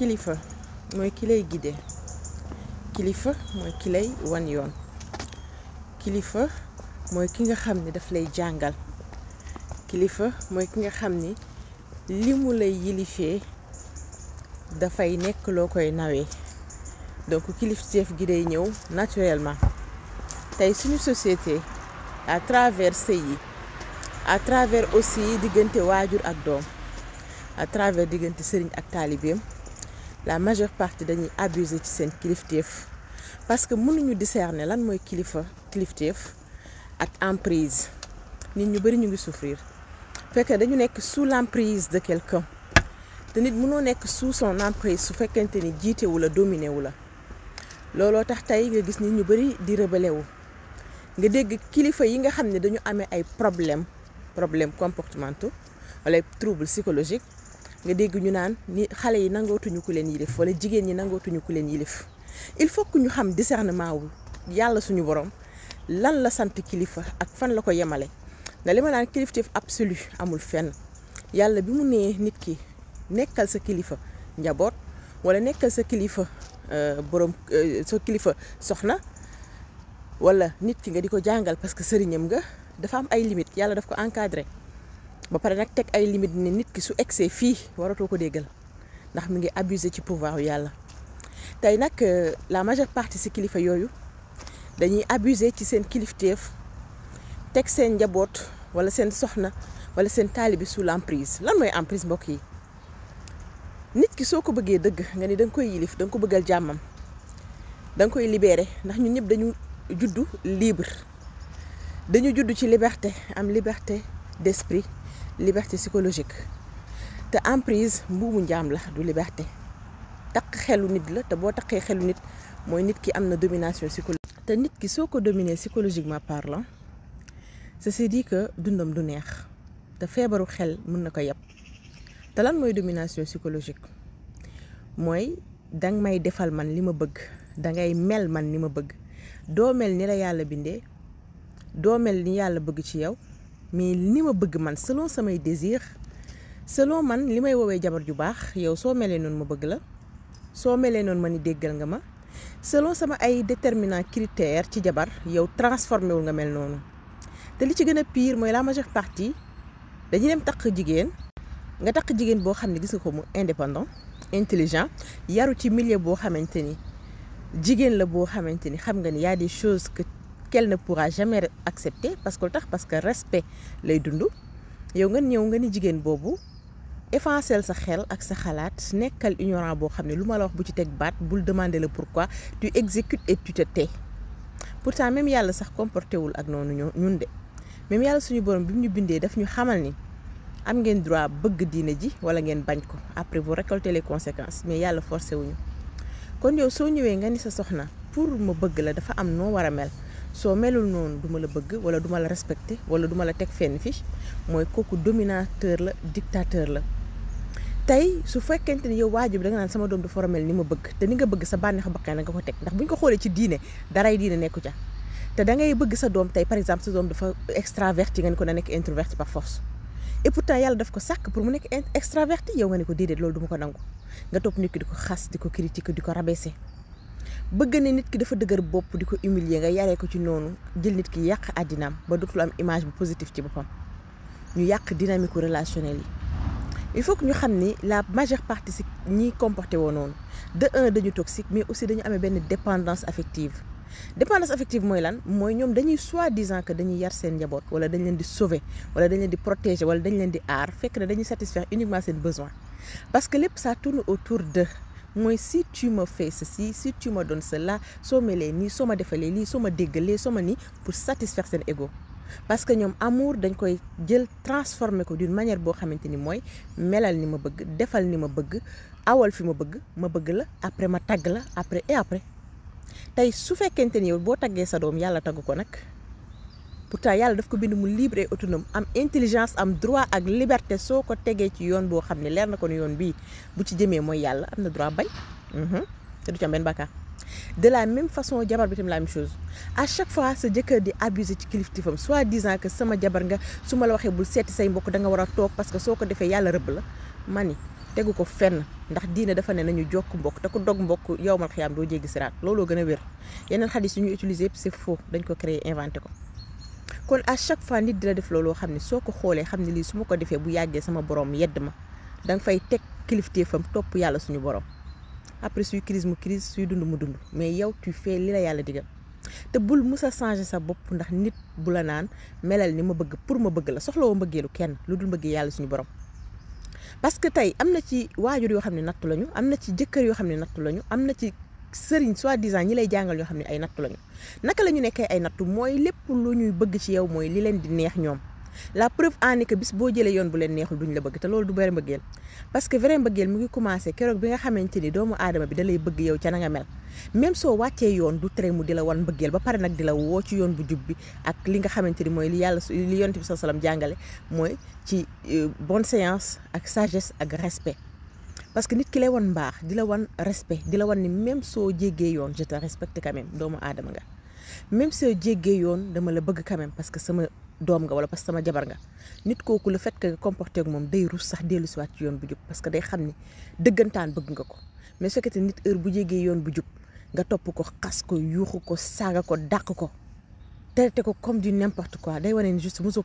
kilifa mooy ki lay guider kilifa mooy ki lay wan yoon kilifa mooy ki nga xam ni daf lay jàngal kilifa mooy ki nga xam ni li mu lay yilifee dafay nekk loo koy nawee donc kilifteef gi day ñëw naturelement tey suñu société à travers yi à travers aussi diggante waajur ak doom à travers diggante sëriñ ak taalibeem la majeure partie dañuy abusé ci seen kilifteef parce que mënuñu discerner lan mooy kilifa kilifteef ak emprise nit ñu bëri ñu ngi souffrir fekkee dañu nekk sous l'emprise de quelqu'un te nit mënoo nekk sous son emprise su fekkente ni jiitewu la dominé wu la looloo tax tey nga gis nit ñu bëri di rebelle wu nga dégg kilifa yi nga xam ne dañu amee ay problème problème comportementaux wala trouble psychologique nga dégg ñu naan ni xale yi nangootuñu ku leen yilif wala jigéen ñi nangootuñu ku leen yilif il faut que ñu xam discernement wu yàlla suñu borom lan la sant kilifa ak fan la ko yemale na li ma naan kilifteef absolu amul fenn yàlla bi mu nee nit ki nekkal sa kilifa njaboot wala nekkal sa kilifa euh, borom euh, sa kilifa soxna wala nit ki nga di ko jàngal parce que sëriñam nga dafa am ay limites yàlla daf ko encadré ba pare nag teg ay limite ne nit ki su egsee fii waratoo ko déggal ndax mu ngi abuser ci pouvoir yu yàlla tey nag euh, la majeure partie si kilifa yooyu dañuy abuser ci seen kilifteef teg seen njaboot wala seen soxna wala seen taalibi sous l'emprise lan mooy emprise mbokk yi nit ki soo ko bëggee dëgg nga ni da koy yilif danga ko bëggal jàmmam da nga koy libeere ndax ñu ñëpp dañu juddu libre dañu juddu ci liberté am liberté d'esprit liberté psychologique te emprise mbuumu njaam la du liberté taq xelu nit la te boo taqee xelu nit mooy nit ki am na domination psychologique te nit ki soo ko dominer psychologiquement parlant ceci di que dundam du neex te feebaru xel mën na ko yàpp te lan mooy domination psychologique mooy danga may defal man li ma bëgg dangay mel man ni ma bëgg doo mel ni la yàlla bindee doo mel ni yàlla bëgg ci yow mais ni ma bëgg man selon samay désir selon man li may woowee jabar ju baax yow soo melee noonu ma bëgg la soo melee noonu ma ni déggal nga ma selon sama ay déterminant critère ci jabar yow transformé wul nga mel noonu te li ci gën a piir mooy la majeure partie dañuy dem takk jigéen nga takk jigéen boo xam ne gis nga ko mu indépendant intelligent yaru ci millier boo xamante ni jigéen la boo xamante ni xam nga ni y a des choses que qu'elle pour pourra jamais accepter parce que lu tax parce que respect lay dund yow nga ñëw nga ni jigéen boobu effacer sa xel ak sa xalaat nekkal ignorant boo xam ne lu ma la wax bu ci teg baat bul demander la pourquoi tu exécutes et te pour pourtant même yàlla sax comporté wul ak noonu ñun de même yàlla suñu borom bi mu ñu bindee daf ñu xamal ni am ngeen droit bëgg diine ji wala ngeen bañ ko après vous récolter le conséquence mais yàlla forcé wuñu kon yo soo ñëwee nga ni sa soxna pour ma bëgg la dafa am noo war a mel. soo melul noonu duma la bëgg wala duma la respecté wala duma la teg fenn fii mooy kooku dominateur la dictateur la tey su fekkente ni yow waajur bi da nga naan sama doom dafa war a mel ni ma bëgg te ni nga bëgg sa bànneex baqee na nga ko teg ndax bu ñu ko xoolee ci diine daray diine nekku ca te da bëgg sa doom tey par exemple sa doom dafa extraverti nga ni ko na nekk introverti par force et pourtant yàlla daf ko sàkk pour mu nekk extraverti yow nga ni ko déedéet loolu ma ko nangu nga topp nit di ko xas di ko critiquer di ko rabaisser bëgg ne nit ki dafa dëgër bopp di ko humilier nga yaree ko ci noonu jël nit ki yàq àddinaam ba dootul am image bu positif ci boppam ñu yàq dynamique relationnelle yi il faut que ñu xam ni la majeure partie si ñiy comporté woo noonu de un dañu toxique mais aussi dañu amee benn dépendance affective dépendance affective mooy lan mooy ñoom dañuy soi-disant que dañuy yar seen njaboot wala dañ leen di sauver wala dañ leen di protéger wala dañ leen di aar fekk na dañuy satisfaire uniquement seen besoin parce que lépp ça tourne autour mooy si tu me fais ceci si tu me donnes cela soo melee nii soo ma defalee lii soo ma déggalee soo ma nii pour satisfaire seen ego parce que ñoom amour dañ koy jël transformer ko d'une manière boo xamante ni mooy melal ni ma bëgg defal ni ma bëgg awal fi ma bëgg ma bëgg la après ma tagg la après et après tey su fekkente ni yow boo taggee sa doom yàlla tagg ko nag pourtant yàlla daf ko bind mu libre et autonome am intelligence am droit ak liberté soo ko tegee ci yoon boo xam ne leer na ko ne yoon bii bu ci jëmee mooy yàlla am na droit bañ mhm. te du ci am la même façon jabar bi tam la même chaque fois sa jëkkër di abuser ci kiliftifam soit disant que sama jabar nga su ma la waxee bul seeti say mbokk da nga war a toog parce que soo ko defee yàlla rëbb la mani tegu ko fenn ndax diine dafa ne nañu jokk mbokk te ku dog mbokk yow mal xiyaam doo jéggi siraat looloo gën a wér yeneen xadis yu ñuy utiliser yëpp c'est faux dañ ko créer inventé ko kon à chaque fois nit di la def looloo xam ne soo ko xoolee xam ne lii su ma ko defee bu yàggee sama borom yedd ma danga fay teg kilifteefam topp yàlla suñu borom après suy crise mu crise suy dund mu dund mais yow tu fais li la yàlla digal te bul musa a sa bopp ndax nit bu la naan melal ni ma bëgg pour ma bëgg la soxla woo mbëggeelu kenn lu dul mbëggee yàlla suñu borom parce que tey am na ci waajur yoo xam ne nattu lañu am na ci jëkkër yoo xam ne nattu lañu am na ci sëriñ soi-disant ñi lay jàngal yoo xam ne ay nattu lañu naka la ñu nekkee ay nattu mooy lépp lu ñuy bëgg ci yow mooy li leen di neex ñoom la preuve en est que bis boo jëlee yoon bu leen neexul duñ la bëgg te loolu du bëri mbëggeel parce que vrai mbëggeel mu ngi commencé keroog bi nga xamante ni doomu aadama bi dalay bëgg yow ca na mel même soo wàccee yoon du tere mu di la wan mbëggeel ba pare nag di la woo ci yoon bu jub bi ak li nga xamante ni mooy li yàlla li yonent bi sallallahu alayhi wasallam jàngale mooy ci euh, bonne séance ak sagesse ak parce que nit ki lay wan mbaax di la wan respect di la wan ni même soo jéggee yoon je te respecte quand même doomu aadama nga même soo jéggee yoon dama la bëgg quand même parce que sama doom nga wala parce que sama jabar nga nit kooku le fait que nga comporté moom day rus sax dellu si waat ci yoon bu jub parce que day xam ni dëggantaan bëgg nga ko mais su fekkee nit heure bu jéggee yoon bu jub nga topp ko xas ko yuuxu ko saaga ko dàq ko traité ko comme du n'importe quoi day wane ni juste mosoo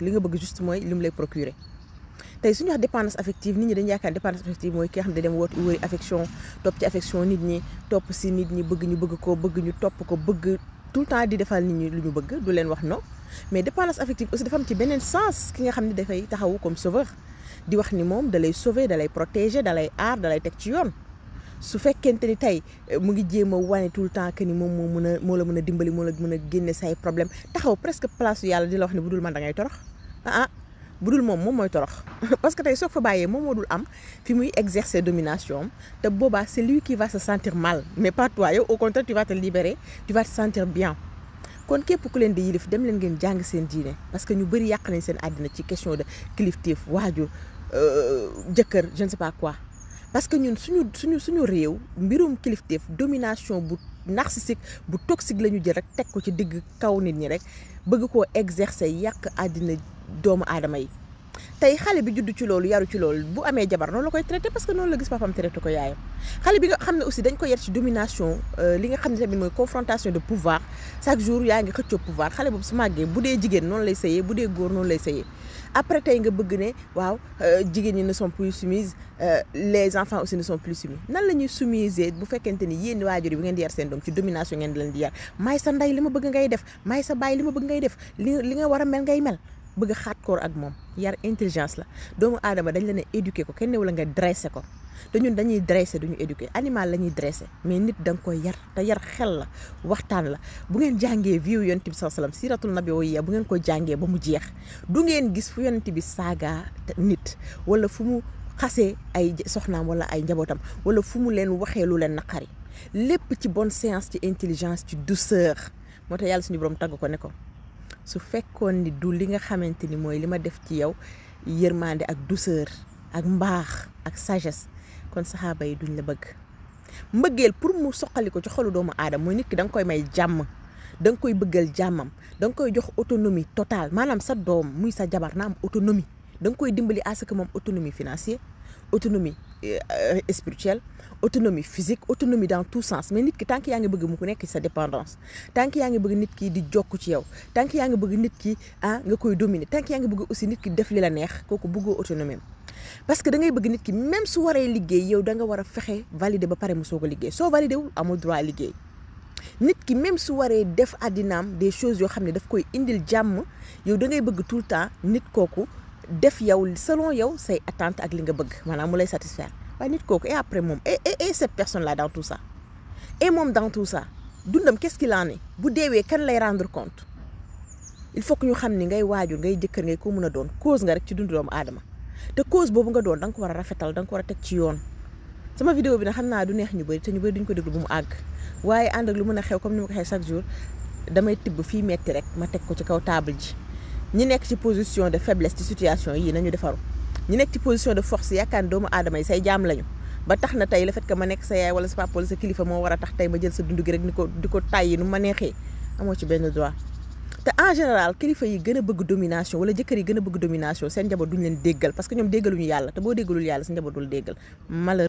li nga bëgg juste mooy li mu lay procurer tey suñu wax dépendance affective nit ñi dañu yaakaar dépendance affective mooy ki nga xam ne dem nit ñi topp nit ñi bëgg ñu bëgg ko bëgg ñu topp ko bëgg tout le temps di defal nit ñi lu ñu bëgg du leen wax non mais dépendance affective aussi dafa am ci beneen sens ki nga xam ne dafay taxawu comme sauveur di wax ni moom dalay sauver dalay protéger dalay aar dalay teg ci yoon su fekkente ni tey eh, mu ngi jéem a wane tout le temps que ni moom moo mën a moo la mun a dimbali moo la mën a génne say problème taxaw presque place yàlla di la wax ne bu dul man ngay torox ah ah. bu dul moom moom mooy torox parce que tey soo fa bàyyee moom moo dul am fi muy exercer domination te boobaa c'est lui qui va se sentir mal mais pas toi yow au contraire tu vas te libérer tu vas te sentir bien kon képp ku leen di yilif dem leen ngeen jàng seen diine parce que ñu bëri yàq nañ seen addina ci question de kilifteef waajur euh, jëkkër je ne sais pas quoi parce que ñun suñu suñu suñu réew mbirum kilifteef domination bu narcissique bu toxique la ñu jël rek teg ko ci digg kaw nit ñi rek bëgg koo exercer yàq àddina doomu aadama yi tey xale bi judd ci loolu yaru ci loolu bu amee jabar noonu la koy traité parce que noonu la gis papam traité ko yaayam xale bi nga xam ne aussi dañ ko yar ci domination euh, li nga xam ne tamit mooy confrontation de pouvoir chaque jour yaa ngi xëccoo pouvoir xale boobu su màggee bu dee jigéen noonu lay sëyee bu dee góor noonu lay sëyee après tey nga bëgg ne waaw euh, jigéen ñi ne sont plus soumises euh, les enfants aussi ne sont plus soumis nan la ñuy soumiser bu fekkente ni yéen waajur yi ngeen di yar seen doom ci domination ngeen di leen di yar li ma bëgg ngay def maay sa baay li ma bëgg ngay def li li nga war a ngay mel bëgg a xaat koor ak moom yar intelligence la doomu aadama dañ la ne éduquer ko kenn wala nga dressé ko te ñun dañuy dressé duñu éduquer animal la ñuy dressé mais nit da nga koy yar te yar xel la waxtaan la bu ngeen jàngee viu yonent bi saa sallam siratul nabi wooyi bu ngeen ko jàngee ba mu jeex du ngeen gis fu yonent bi saagaa nit wala fu mu xase ay soxnaam wala ay njabootam wala fu mu leen waxee lu leen naqari lépp ci bonne séance ci intelligence ci douceur moo tax yàlla suñu borom tagg ko ne ko su fekkoon ni du li nga xamante ni mooy li ma def ci yow yërmande ak douceur ak mbaax ak sages kon saxaaba yi duñ la bëgg mbëggeel pour mu soqali ko ci xolu doomu aadama mooy nit ki da nga koy may jàmm da nga koy bëggal jàmmam da nga koy jox autonomie totale maanaam sa doom muy sa jabar na am autonomie da nga koy dimbali à que moom autonomie financière autonomie euh, spirituelle autonomie physique autonomie dans tout sens mais nit ki tant que yaa ngi bëgg mu nekk sa dépendance tant que yaa ngi bëgg nit ki di jokk ci yow tant que yaa ngi bëgg nit ki ah nga koy dominer tant que yaa ngi bëgg aussi nit ki def li la neex kooku bëggoo autonomie parce que da ngay bëgg nit ki même su waree liggéey yow danga war a fexe valider ba pare mu soog a liggéey soo validé wul amul droit liggéey nit ki même su waree def àddinaam des chose yoo xam ne daf koy indil jàmm yow da ngay tout le temps nit kooku def yow selon yow say attente ak li nga bëgg maanaam mu lay satisfaire waaye nit kooku et après moom ay et cette personne là dans tout ça et moom dans tout ça dundam qu'est-ce qu'il en est bu deewee kan lay rendre compte il faut que ñu xam ni ngay waajur ngay jëkkër ngay ko mën a doon cause nga rek ci dundu doomu aadama te cause boobu nga doon da nga ko war a rafetal da nga ko war a teg ci yoon sama vidéo bi nag xam naa du neex ñu bëri te ñu bëri duñ ko déglu bu mu àgg waaye ànd ak lu mën a xew comme ni ma waxee chaque jour damay tibb fii metti rek ma teg ko ci kaw table ji ñu nekk ci position de faiblesse ci situation yii nañu defaru ñi nekk ci position de force yaakaar doomu aadama yi say jaam lañu ba tax na tey le fait ma nekk sa yaay wala sa papa sa kilifa moo war a tax tey ma jël sa dund gi rek ni ko di ko tàyyi nu ma neexee amoo ci benn droit te en général kilifa yi gën a bëgg domination wala jëkkër yi gën a bëgg domination seen njaboot duñ leen déggal parce que ñoom déggaluñu yàlla te boo déggalul